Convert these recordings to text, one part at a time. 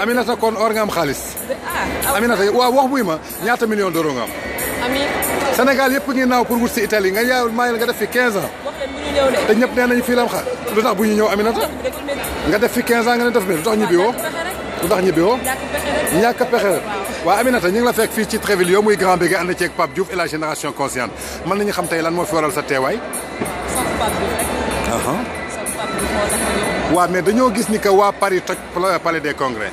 Aminata kon or nga am xaalis. ah Aminata waaw wax buy ma ñaata million d'euros nga am. amiin. Sénégal yëpp ngi naaw pour wut si Italie nga yaay maa nga def fi 15 ans. te ñëpp nee nañu fii la am xaar lu tax bu ñu ñëw Aminata. nga def fi 15 ans nga ne def lu tax ñibbi woo. lu tax ñibbi woo. ñàkk a pexe waaw Aminata ñu ngi la fekk fii ci Tréviglio muy grand bégué ànd ceeg Pape Diouf et la génération consciente mën nañu xam tey lan moo fi waral sa teewaay. sant Pape Diouf rek. sant Pape Diouf moo tax waaw mais dañoo gis ni que waa Paris toj palais des congrès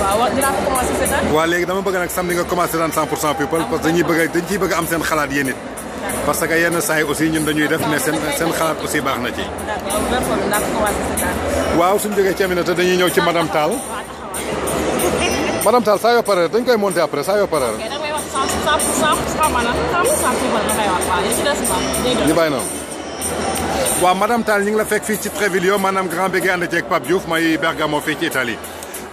waaw wax léegi dama bëgg nag samedi nga commencé daan 100 pour cent people parce que dañuy bëgg am seen xalaat yéen it. parce que yenn saa yi aussi ñun dañuy def ne seen seen xalaat aussi baax na ci. waaw suñu jógee ci Aminata dañuy ñëw ci madame Tall. madame Tall saa yoo dañ koy monter après saa yoo pare rek. ñu bàyyi noonu. madame Tall ñu ngi la fekk fii ci Treviglio maanaam grand bi nga ànd ceeg Pape Diouf mooy Bergamo fii ci Italie.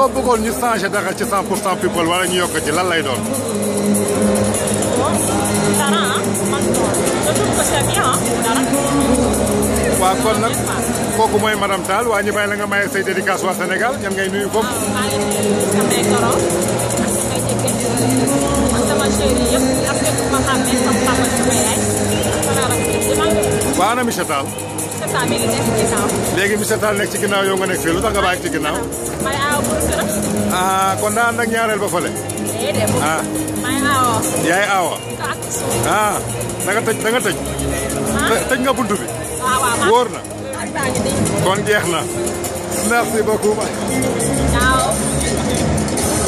soo bëggoon ñu changé dara ci 100 pour cent people wala ñu yokk ci lan lay doon. waaw kon nag kooku mooy madame Tall waa ñu bàyyi la nga maye say dédicace waa Sénégal ñan ngay nuyu ko. waaw ana monsieur Tall. instant bii nekk ci ginnaaw. léegi monsieur Tall nekk ci ginnaaw yow nga nekk fii lu tax nga bàyyi ci ginnaaw. may ah, kon daan nag ñaareel ba fële. déedéet. ah may yaay aawa. ah da tëj da ah. tëj. tëj nga buntu bi. Ah, waaw wóor na. kon jeex na. merci beaucoup.